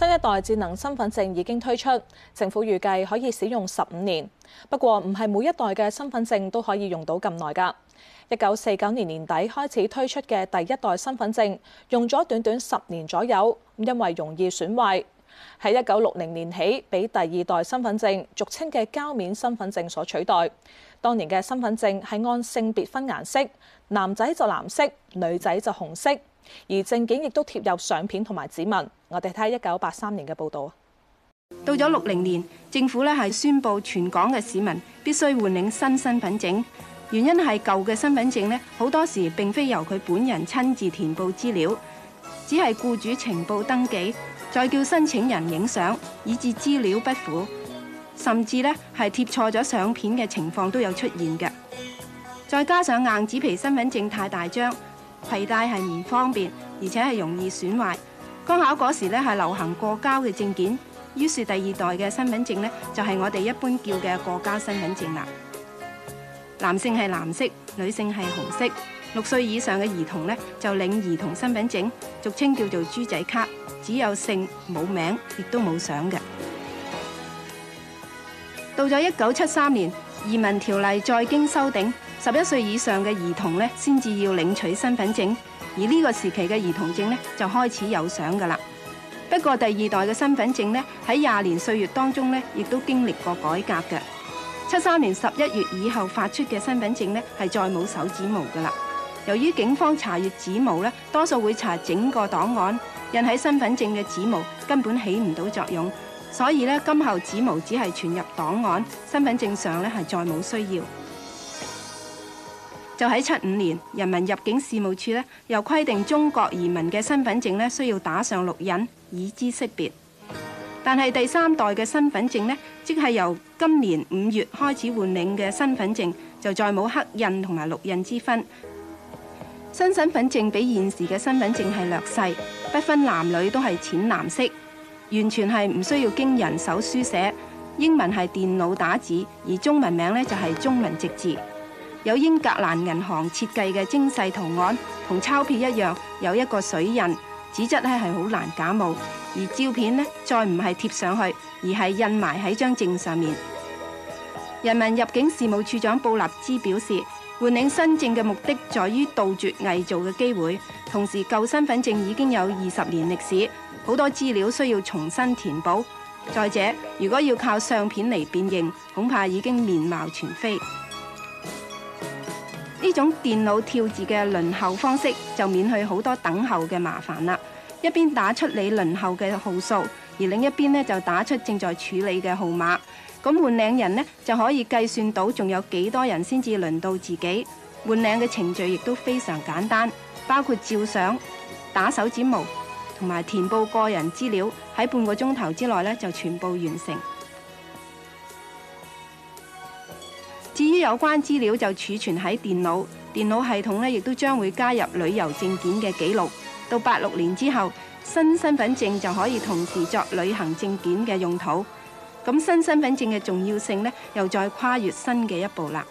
新一代智能身份證已經推出，政府預計可以使用十五年。不過，唔係每一代嘅身份證都可以用到咁耐㗎。一九四九年年底開始推出嘅第一代身份證，用咗短短十年左右，因為容易損壞，喺一九六零年起被第二代身份證（俗稱嘅膠面身份證）所取代。當年嘅身份證係按性別分顏色，男仔就藍色，女仔就紅色，而證件亦都貼有相片同埋指紋。我哋睇一九八三年嘅報道，到咗六零年，政府咧係宣布全港嘅市民必須換領新身份證，原因係舊嘅身份證咧好多時並非由佢本人親自填報資料，只係雇主情報登記，再叫申請人影相，以致資料不符，甚至咧係貼錯咗相片嘅情況都有出現嘅。再加上硬紙皮身份證太大張，攜帶係唔方便，而且係容易損壞。高考嗰時咧係流行過膠嘅證件，於是第二代嘅身份證呢，就係我哋一般叫嘅過膠身份證啦。男性係藍色，女性係紅色。六歲以上嘅兒童呢，就領兒童身份證，俗稱叫做豬仔卡，只有姓冇名，亦都冇相嘅。到咗一九七三年，移民條例再經修訂。十一歲以上嘅兒童咧，先至要領取身份證，而呢個時期嘅兒童證咧，就開始有相㗎喇。不過第二代嘅身份證咧，喺廿年歲月當中咧，亦都經歷過改革嘅。七三年十一月以後發出嘅身份證咧，係再冇手指模㗎喇。由於警方查閱指模咧，多數會查整個檔案，印喺身份證嘅指模根本起唔到作用，所以咧，今後指模只係存入檔案，身份證上咧係再冇需要。就喺七五年，人民入境事務處呢，又規定中國移民嘅身份證呢需要打上綠印以知識別。但係第三代嘅身份證呢，即係由今年五月開始換領嘅身份證，就再冇黑印同埋綠印之分。新身份證比現時嘅身份證係略細，不分男女都係淺藍色，完全係唔需要經人手書寫，英文係電腦打字，而中文名呢，就係、是、中文直字。有英格蘭銀行設計嘅精細圖案，同鈔票一樣有一個水印，紙質咧係好難假冒。而照片咧再唔係貼上去，而係印埋喺張證上面。人民入境事務處長布立茲表示，換領新證嘅目的在於杜絕偽造嘅機會，同時舊身份證已經有二十年歷史，好多資料需要重新填補。再者，如果要靠相片嚟辨認，恐怕已經面貌全非。呢種電腦跳字嘅輪候方式，就免去好多等候嘅麻煩啦。一邊打出你輪候嘅號數，而另一邊呢，就打出正在處理嘅號碼。咁換領人呢，就可以計算到仲有幾多人先至輪到自己。換領嘅程序亦都非常簡單，包括照相、打手指模、同埋填報個人資料，喺半個鐘頭之內呢，就全部完成。至於有關資料就儲存喺電腦，電腦系統咧亦都將會加入旅遊證件嘅記錄。到八六年之後，新身份證就可以同時作旅行證件嘅用途。咁新身份證嘅重要性呢，又再跨越新嘅一步啦。